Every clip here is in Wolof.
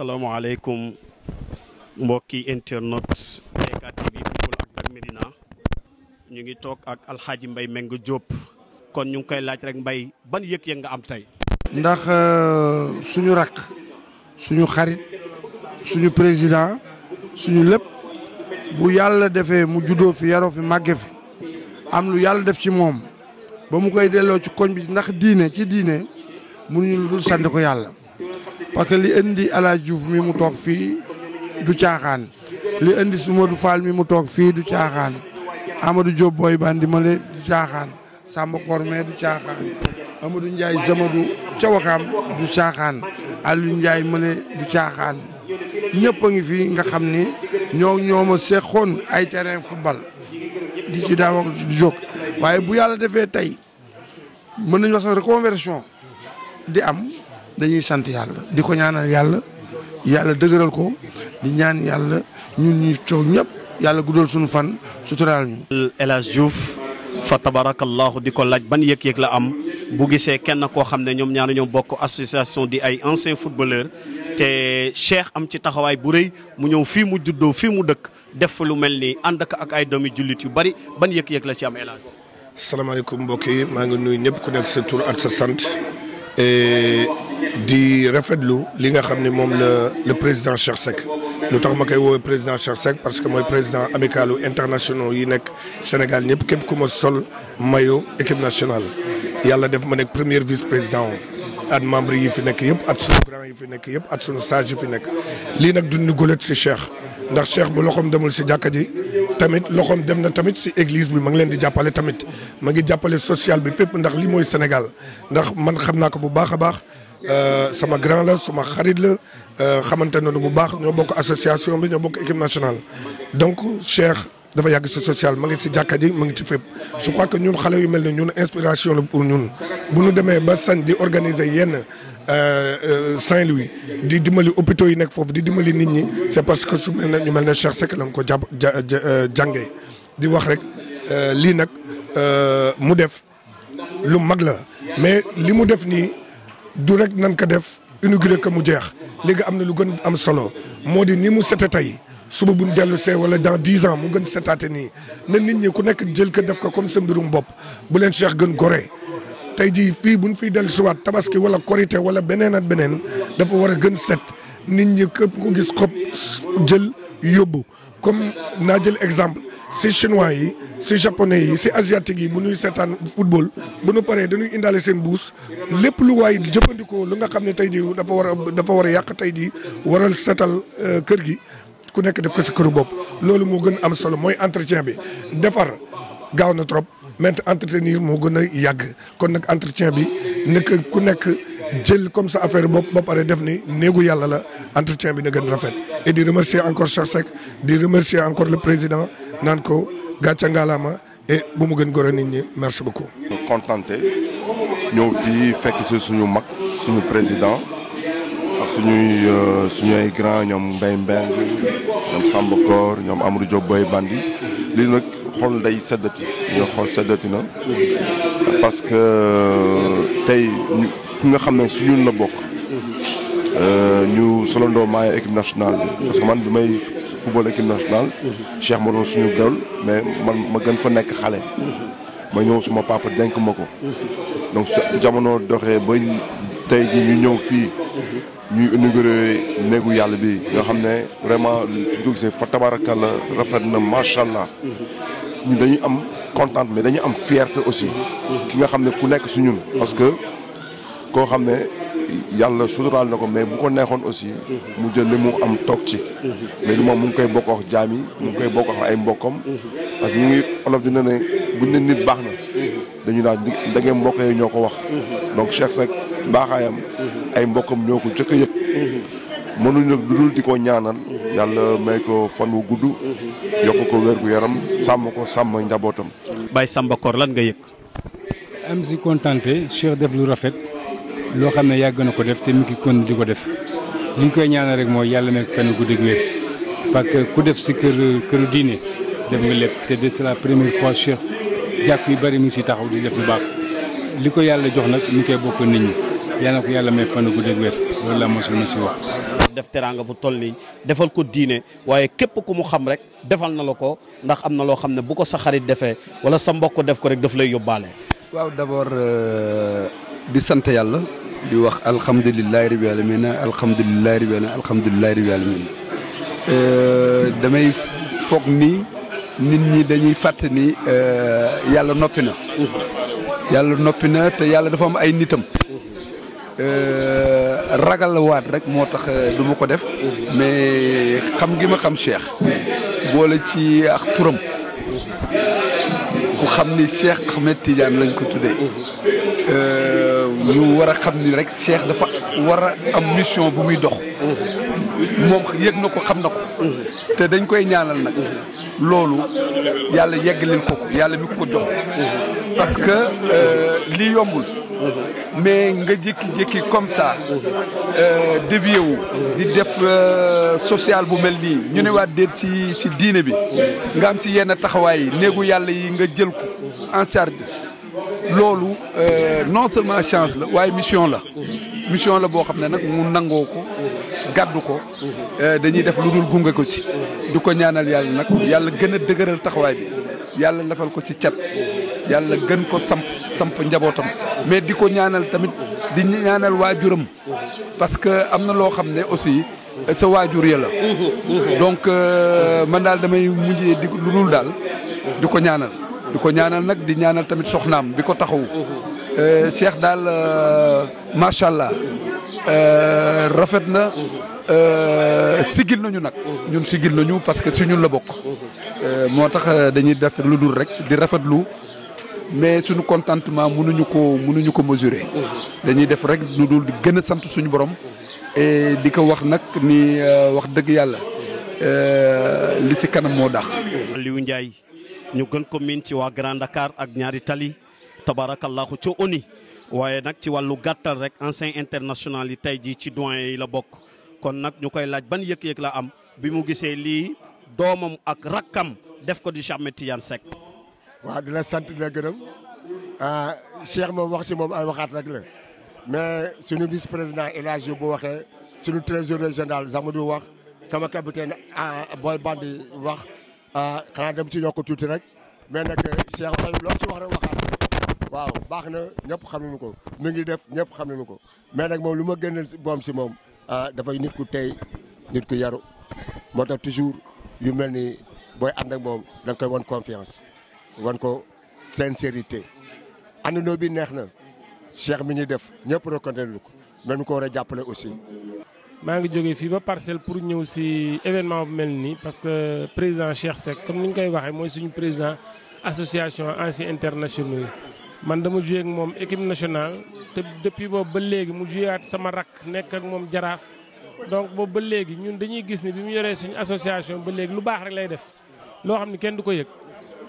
asalaamaaleykum mbokki internet DK TV people ak Medina ñu ngi toog ak alxaaji Mbay Meng Jóob kon ñu ngi koy laaj rek Mbay ban yëg-yëg nga am tey ndax euh, suñu rakk suñu xarit suñu président suñu lépp bu yàlla defee mu juddoo fi yaroo fi màgge fi am lu yàlla def ci moom ba mu koy delloo ci koñ bi ndax diine ci diine mënuñu lu dul sant ko yàlla parce que li indi El Hadj Diouf mi mu toog fii du caaxaan li indi Soumadou Fall mi mu toog fii du caaxaan Amadou Diop Boy Bandi Male du caaxaan Samba Korme du caaxaan Amadou Ndiaye Zamadou Cawakaam du caaxaan Aliou Ndiaye Male du caaxaan ñëpp a ngi fii nga xam ni ñoo ñooma seqoon ay terrain football di ci daaw ak di waaye bu yàlla defee tey mën nañu wax sax reconversion di am dañuy sant yàlla di ko ñaanal yàlla yàlla dëgëral ko di ñaan yàlla ñun ñu coow ñëpp yàlla guddal suñu fan suturaal ñu. El Hadj Diouf fa tabarakallahu di ko laaj ban yëg-yëg la am bu gisee kenn koo xam ne ñoom ñaar ñoom bokk association di ay anciens footballeurs te Cheikh am ci taxawaay bu rëy mu ñëw fii mu juddoo fii mu dëkk def lu mel nii ànd ak ay doomi jullit yu bari ban yëg-yëg la ci am El Hadj. salaamaaleykum mbokk yi maa ngi nuyu ñëpp ku nekk sa sa sant. di rafetlu li nga xam ne moom la le président Cheikh Seck lu tax ma koy woowee président Cheikh sec parce que mooy président amicalu internationaux yi nekk Sénégal ñëpp képp ku ma sol mayo équipe nationale yàlla def ma nekk premier vice président at membre yi fi nekk yëpp at sunu grand yi fi nekk yëpp at sunu stage yi fi nekk lii nag duñu gólet si Cheikh ndax Cheikh bu loxoom demul si jàkka ji tamit loxoom dem na tamit si église bi ma ngi leen di jàppale tamit ma ngi jàppale social bi fépp ndax li mooy Sénégal ndax man xam naa ko bu baax a baax euh, sama grand la suma xarit la euh, xamante na bu baax ñoo bokk association bi ñoo bokk équipe nationale donc Cheikh dafa yàgg si social ma ngi si jàkka ji ma ngi ci fépp je crois que ñun xale yu mel ne ñun inspiration la pour ñun bu ñu demee ba san di organiser yenn Euh, euh, Saint-Louis di dimbali hôpitaux yi nekk foofu di dimbali nit ñi c'est parce que su mel ne ñu mel ne Cheikh Seck la nga ko jàpp euh, jàngee di wax rek lii nag mu def lu mag la mais li mu def nii du rek nan ko def inauguré ka mu jeex léegi am na lu gën am solo moo di nii mu sete tey suba bu ñu dellu see wala dans dix ans mu gën setaate nii na nit ñi ku nekk jël ko def ko comme sa mbirum bopp bu leen Cheikh gën goree tey jii fii bu ñu fiy dellu si waat tabaski wala korité wala beneen ak beneen dafa war a gën set nit ñi képp ku gis xob jël yóbbu comme naa jël exemple si chinois yi si japonais yi si asiatiques yi bu ñuy seetaan football bu ñu paree dañuy indaale seen buus lépp lu waay jëfandikoo lu nga xam ne tey jii dafa war a dafa war a yàq tey jii waral setal euh, kër gi ku nekk def ko si këru bopp loolu moo gën am solo mooy entretien bi defar gaaw na trop. mettre entretenir moo gën a yàgg kon nag entretien bi nekk ku nekk jël comme ça affaire bopp ba pare def ni néegu yàlla la entretien bi na gën rafet. et di remercier encore Cheikh Seck di remercier encore la président naan ko gàcce ngalaama et bu mu gën goro nit ñi merci beaucoup. contenté ñëw fii fekk si suñu mag suñu président. suñuy euh, suñu ay grand ñoom Mbaye Mbeng ñoom Samba Koor ñoom Amadou Diop Boy Bandi lii nag xol day seddati ñoo xol seddati na parce que euh, tey ku nga xam ne su ñun la bokk euh, ñu solondoo maaya équipe nationale bi parce que man bi may football équipe nationale Cheikh ma doon suñu gawul mais man ma gën fa nekk xale ma ñëw suma papa denk ma ko donc jamono doxee ba tey ji ñu ñëw fii ñuy inauguré néegu yàlla bi nga xam ne vraiment su ko gisee fa tabarakalla rafet na macha allah ñun dañuy am content mais dañuy am fierté aussi. ki nga xam ne ku nekk su ñun. parce que koo xam ne yàlla suturaal na ko mais bu ko neexoon aussi. mu jël ni mu am toog ci. mais moom mu ngi koy bokk ak jaam yi. mu ngi koy bokk ak ay mbokkam. parce que ñu ngi olof dina ne buñ ne nit baax na. dañu naan da ngeen mbokk yi ñoo ko wax. donc Cheikh Seck baaxaayam ay mbokkam ñoo ko jëkk a yëg. mënuñu nag du dul di ko ñaanal. yàlla may ko fan wu gudd. yokk ko wér gu yaram sàmm ko sàmm njabootam. Baye Samba koor lan nga yëg. am si kontante Cheikh def lu rafet loo xam ne yàgg na ko def te mu ngi kon di ko def li ñu koy ñaanal rek mooy yàlla nekk fenn guddi gu wér parce que ku def si kër kër diine def nga lépp te c'est la première fois Cheikh jàkk yi bari mu ngi si taxaw di def lu baax li ko yàlla jox nag mu ngi koy bokk nit ñi yàlla ko yàlla may fànn guddi gu wér loolu laa mosul ma si wax. def teraanga bu toll nii defal ko diine waaye képp ku mu xam rek defal na la ko ndax am na loo xam ne bu ko sa xarit defee wala sa mbokk def ko rek daf lay yóbbaale. waaw d'abord euh, di sant yàlla. di wax alhamdulilah rabbil alamin alhamdulilah alhamdulilah rabbil alamin euh, damay foog ni nit ñi dañuy fàtte ni euh, yàlla noppi na. Mm-hmm. yàlla noppi na te yàlla dafa am ay nitam. Mm-hmm. ragal waat rek moo tax euh, du ma ko def mais xam gi ma xam Cheikh boole ci ak turam ku xam ni Cheikh Ahmed Tidiane lañ ko tuddee euh, ñu war a xam ni rek Cheikh dafa war a am mission bu muy dox moom yëg na ko xam na ko te dañ koy ñaanal nag loolu yàlla yeggalil ko ko yàlla mi ko jox parce que euh, yombul mais nga jékki-jékki comme ça euh, dévié wu di def euh, social bu mel nii ñu ne waat déet si si diine bi nga am si yenn taxawaay yi néegu yàlla yi nga jël ko en charge loolu euh, non seulement chance la waaye mission la mission la boo xam ne nag mu nangoo ko gàddu ko dañuy def lu dul gunge ko si du ko ñaanal yàlla nag yàlla gën a dëgëral taxawaay bi yàlla lafal ko si cat yàlla gën ko samp samp njabootam mais di ko ñaanal tamit di ñaanal waajuram parce que am na loo xam ne aussi sa waajur ya la donc euh, man daal damay mujjee di lu dul daal di ko ñaanal di ko ñaanal nag di ñaanal tamit soxnaam bi ko taxawu euh, Cheikh daal euh, macha allah rafet na sigil nañu nag ñun sigil nañu parce que si ñun la bokk moo tax dañuy def lu dul rek di rafet lu mais suñu contentement mënuñu ko mënuñu ko mesurer. dañuy def rek lu dul di gën sant suñu borom. et di ko wax nag ni euh, wax dëgg yàlla euh, li si kanam moo dàq. Aliou Ndiaye ñu gën ko miin ci wax Grand Dakar ak ñaari tali tabarakallahu ci ONU waaye nag ci wàllu gàttal rek ancien international yi tey jii ci doyen yi la bokk kon nag ñu koy laaj ban yëg-yëg la am bi mu gisee lii doomam ak rakkam def ko di Cheikh Ahmed Tidiane Seck. waaw di la sant di la gërëm ah, Cheikh moom wax si moom ay waxaat rek la mais suñu vice président El Hadj bu waxee suñu trésorier général Zamadou wax sama capitaine ah, Boy Bandi wax ah, xanaa dem ci yokk tuuti rek mais nag Cheikh Faye loo ci wax rek waxaat waaw baax na ñëpp xam nañu ko mu ngi def ñëpp xam nañu ko mais nag moom lu ma génneel boom si moom dafay nit ku tey nit ku yaru moo tax toujours yu mel ni booy ànd ak moom da nga koy wan confiance. wan ko sincérité àndandoo bi neex na Cheikh mi ñuy def ñëpp reconnaître ko nañu ko ko war a jàppale aussi. maa ngi jógee fii ba parcelle pour ñëw si événement bu mel nii parce que président Cheikh Seck comme ni ñu koy waxee mooy suñu président association anciens internationaux yi. man dama joué ak moom équipe nationale te depuis boobu ba léegi mu jouéwaat sama rakk nekk ak moom jaraaf. donc boobu ba léegi ñun dañuy gis ni bi mu yoree suñu association ba léegi lu baax rek lay def loo xam ni kenn du ko yëg.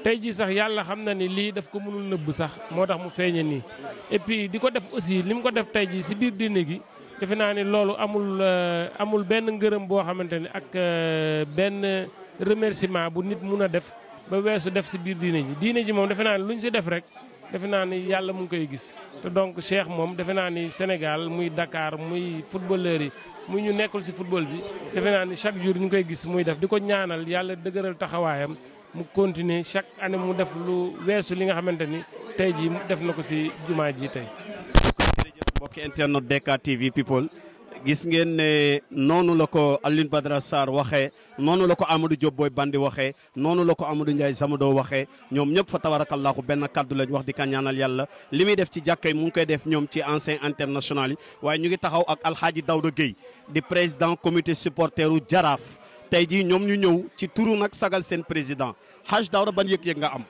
tey jii sax yàlla xam na ni lii daf ko mënul nëbb sax moo tax mu feeñe nii et puis di ko def aussi li mu ko def tey jii si biir diine gi defe naa ni loolu amul euh, amul benn ngërëm boo xamante ni ak euh, benn remerciement bu nit mun a def ba weesu def si biir diine ji diine ji moom defe naa ni lu ñu si def rek defe naa ni yàlla mu ngi koy gis te donc Cheikh moom defe naa ni Sénégal muy dakaar muy footballeur yi mu ñu nekkul si football bi defe naa ni chaque jour ñu koy gis muy def di ko ñaanal yàlla dëgëral taxawaayam mu continuer chaque année mu def lu weesu li nga xamante ni tey jii def na ko si jumaa ji tey. mbokki internet DK gis ngeen ne noonu la ko Alioune Badara Sarr waxee noonu la ko Amadou Diop booy bandi waxee noonu la ko Amadou Ndiaye Samadou waxee ñoom ñëpp fa tabarakallahu benn kàddu lañ wax di ka yàlla li muy def ci jàkka yi mu ngi koy def ñoom ci ancien international yi waaye ñu ngi taxaw ak Alxaaji Dawda Gueye di président comité supporteru Jaraaf tey jii ñoom ñu ñëw ci turu nag sagal seen président Hadj Daouda ban yëg-yëg nga am.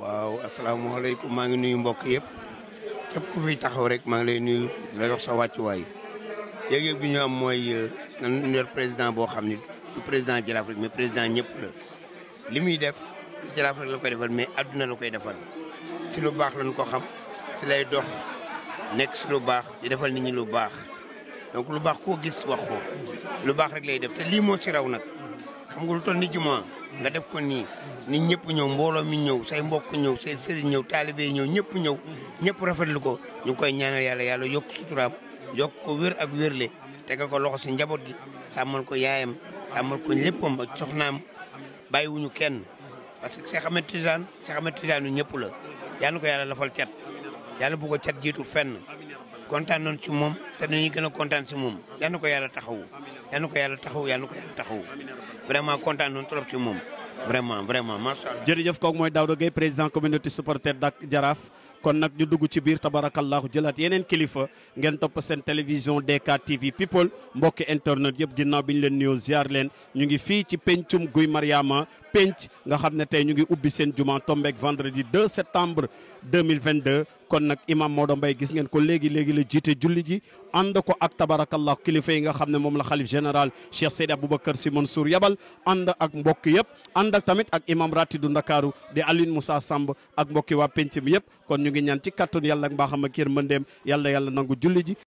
waaw asalaamaaleykum maa ngi nuyu mbokk yëpp képp ku fi taxaw rek maa ngi lay nuyu la jox sa wàccuwaay yëg-yëg bi ñu am mooy euh, nan président boo xam ni du président jaraaf rek mais président ñëpp la li muy def du jaraaf rek la koy defal mais adduna la koy defal si lu baax lañ ko xam si lay dox nekk si lu baax di defal nit ñi lu baax. donc lu baax koo gis wax lu baax rek lay def te lii moo ci raw nag xam nga lu toll ni jumaa nga def ko nii nit ñëpp ñëw mbooloo mi ñëw say mbokk ñëw say sëriñ ñëw taalibe yi ñëw ñëpp ñëw ñëpp rafetlu ko ñu ngi koy ñaanal yàlla yàlla yokk suturaam yokk ko wér ak wérle tegal ko loxo si njaboot gi sàmmal ko yaayam sàmmal ko léppam ak soxnaam bàyyiwuñu kenn parce que Cheikh Ahmed Tidiane Cheikh Ahmed Tidiane ñëpp la yàlla na ko yàlla lafal cat yàlla bu ko cat jiitu fenn kontaan noonu ci moom te dañuy gën a kontaan si moom yal na ko yàlla taxawu yal na ko yàlla taxawu yal na ko yàlla vraiment kontaan noonu trop ci moom vraiment vraiment macha allah. jërëjëf kooku mooy Daouda Gueye président communauté supporter dak Jaraaf kon nag ñu dugg ci biir tabarakallahu jëlaat yeneen kilifa ngeen topp seen télévision DK TV people mbokki internet yëpp ginnaaw bi ñu leen nuyoo ziar leen ñu ngi fii ci pencum Guy Mariama penc nga xam ne tey ñu ngi ubbi seen jumaa tombeek vendredi 2 septembre 2022 kon nag imam Maodo Mbaye gis ngeen ko léegi léegi la jiite julli ji ànd ko ak tabarakallah kilifa yi nga xam ne moom la xalif général Cheikh Seydi Aboubacar Sy Mansour yabal ànd ak mbokk yëpp ànd ak tamit ak imam du ndakaaru de alin Moussa Samb ak mbokki waa penc mi yëpp kon ñu ngi ñaan ci kàttun yàlla ak mbaaxam ak yërmandeem yàlla yàlla nangu julli ji